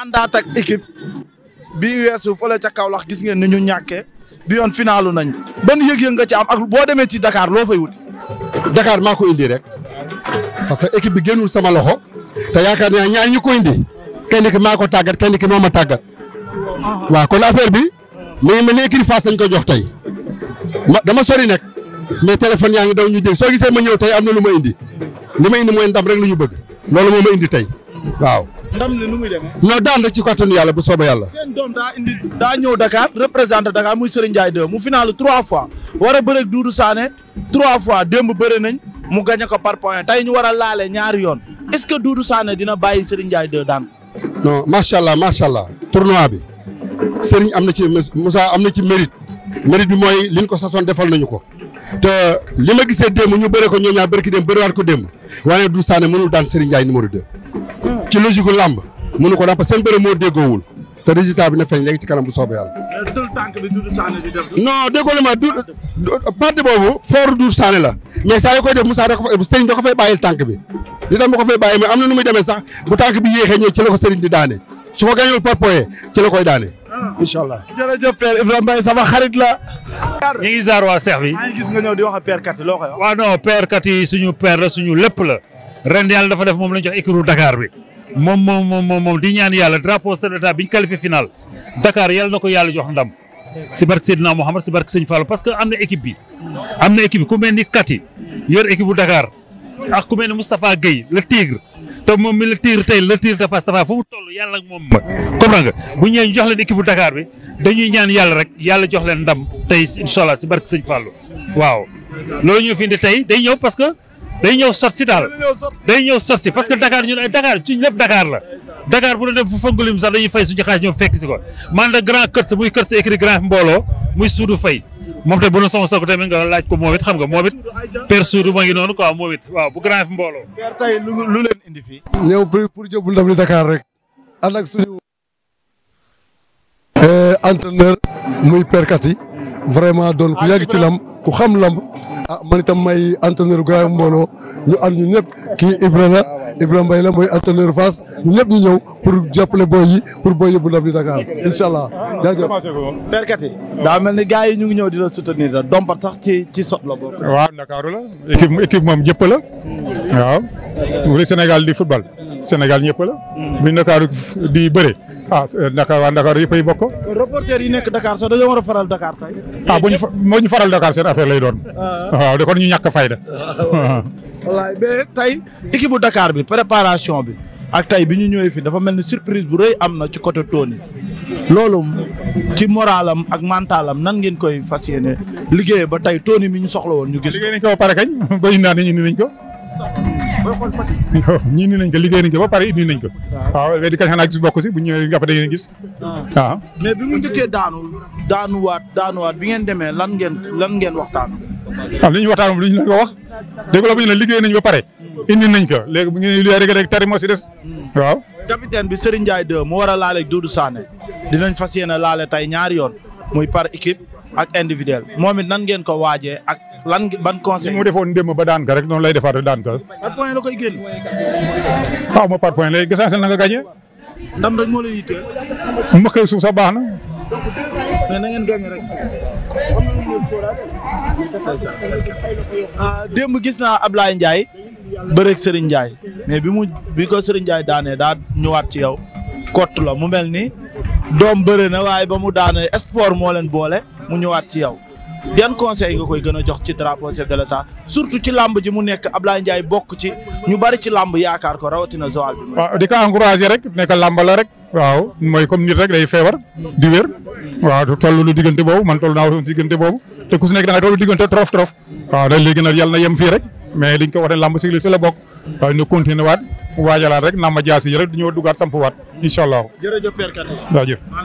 àndaat ak bi weesu fële ca Kaolack gis ngeen ni ñu ñàkkee bi yoon finalu nañ ban yëg-yëg nga ci am ak boo demee ci dakaar loo fay wuti. Dakar maa ko indi rek parce que équipe bi génnul sama loxo te yaakaar naa ñaar ñi ko indi kenn ki maa ko tàggat kenn ki moo ma tàggat waaw kon affaire bi mu ngi mel ni équipe face lañ ko jox tey ma dama sori nag mais téléphone yaa ngi daw ñu dégg soo gisee ma ñëw tey am na lu ma indi lu ma indi mooy ndam rek lu ñu bëgg loolu moo ma indi tey waaw. ndam li nu muy demee. non daan rek ci kattanu yàlla bu soobee yàlla. seen daa ñëw Dakar représenté Dakar muy Serigne Ndiaye 2 mu final trois fois war a bëreeg Doudou Sané trois fois démb bëre nañ mu gagné ko par point tey ñu war a laale ñaari yoon est-ce que Doudou Sané dina bàyyi Serigne Ndiaye 2 daan ko. non macha allah macha allah bi Serigne am na ci Moussa am na ci mérite mérite bi mooy liñ ko sasoon defal nañu ko. te li ma gisee démb ñu bëre ko ñoom ñaar bëri ki démb bëriwaat ko démb waaye Doudou Sané mënul daan Serigne Ndiaye numéro 2. ci logique gu làmb mënu ko daan parce que seen bëre moo déggoowul te résultat bi na feeñ léegi ci kanam bu soobee yàlla. dul tànk bi Doudou Sané ma du parti boobu. fort Doudou Sané la mais saa yu koy def Moussa saa ko fa sëriñ da ko fay bàyyil tànk bi li tax ma ko fay bàyyi mais am na nu demee sax bu tànk bi yéexee ñëw ci la ko di daane su ko gàñul par point ci la koy daane. Ah. incha allah jërëjëf la. ñu ngi ziar waa Seex bi. maa ngi gis nga ñëw di wax ak Père Kat loo koy wax. waaw non Père la suñu lépp la ren yàlla dafa def moom lañ jox écurie bi moom moom moom moom di ñaan yàlla drapeau chef de l'État bi ñu qualifié final Dakar yàlla na ko yàlla jox ndam. si barke Seydina Mouhamed si barke Sëñ Fallou parce que am na équipe bi. am na équipe bi ku mel ni Kati yor équipe bu Dakar ak ku mel ni Moustapha Gueye le tigre te moom mi le tigre tey le tigre dafa dafa fu mu yàlla moom ma. comprends nga bu ñu jox leen équipe bu Dakar bi dañuy ñaan yàlla rek yàlla jox leen ndam tey incha allah si barke Sëñ Fallou day ñëw sot si daal day ñëw sot si parce que Dakar ñun ay Dakar ci lépp Dakar la Dakar bu la dem fu fangalim sax dañuy fay suñu xaaj ñoom fekk si ko man la grand kër sa muy kër sa écrit grand mbooloo muy suudu fay moom te bu nu sama sako ko moom it xam nga moom it père suudu ma ngi noonu quoi waaw bu grand mbooloo lu leen indi fii ñëw pour jëbul ndam li Dakar rek ànd ak suñu eh, entraîneur muy père Kati vraiment doon ku yàgg ci lam ku xam lamb ah man itam may entraîneur grand mbooloo ñu ànd ñu ñëpp kii Ibra la Ibra Mbaye la mooy entraîneur Fass ñu ñëpp ñu ñëw pour jàppale boy yi pour boy yëbbu ndam di Dakar incha allah jaajëf perkat yi daa mel ni gars yi ñu ngi ñëw di la soutenir la dompat sax ci ci sot la boobu waaw Ndakaaru la équipe moom jëpp la waaw bu Sénégal di football Sénégal ñëpp la. bu ñu Dakar di bëre ah Dakar waa Dakar yëpp ay bokk. reporter yi nekk Dakar sax dañoo war a faral Dakar tey. ah bu ñu ñu faral Dakar seen affaire lay doon. waaw ah. ah, de kon ñu ñàkk fayda. wallaay mais tey équipe bu bi préparation bi ak tey bi ñu ñëwee fii dafa mel ni surprise bu rëy am na ci côté Tony loolu ci moralam ak mentalam nan ngeen koy fas yéene liggéey ba tey Tony mi ñu soxla woon ñu gis. liggéey nañ ko pare ñii nii nañ ko liggéey nañ ko ba pare indi nañ ko waaw léegi kañ gis bokk bu ñëwee nga fa da ngeen gis ah. waaw mais bi mu njëkkee daanu daanuwaat daanuwaat bi ngeen demee lan ngeen lan ngeen waxtaan waaw li ñu waxtaan li ñu leen ko wax dégg la bu ñu liggéey nañ ba pare indi nañ ko léegi bu ñu liggéey rek rek moo si des hmm. waaw capitaine bi Serigne Ndiaye 2 mu war a laale ak Doudou Sané dinañ fas yéene laale tey ñaari yoon muy par équipe ak individuel moom it nan ngeen ko waajee lan ban conseil. mu defoon ndémm ba daan ka rek noonu lay defaat daan ka. par point la koy génn. waaw ma par point lay gis na nga gagné. ndam rek moo lay yitte. ma koy suuf sax baax na. rek. Ah, démb gis naa Ablaye Ndiaye. bëreeg Serigne Ndiaye mais bi mu bi ko Serigne Ndiaye daanee daa ñëwaat ci yow. kott la mu mel ni. doom bëre na waaye ba mu daane sport moo leen boole mu ñëwaat ci yow. yan conseil nga koy gën a jox ci drapeau chef de l'état surtout ci làmb ji mu nekk Ablaye Ndiaye bokk ci ñu bari ci làmb yaakaar ko rawatina Joal bi. waaw di ko encouragé rek nekk làmb la rek. waaw mooy comme nit rek day feebar di wér. waaw du toll lu diggante boobu man toll naa woon diggante boobu te ku si nekk da nga toll diggante trop trop. waaw da léegi nag yàlla na yem fii rek mais liñ ko wax ne làmb si li la bokk waaw ñu continué waat waajalaat rek naam ma jaasi yi rek du ñëw duggaat sampuwaat incha allah. jërëjëf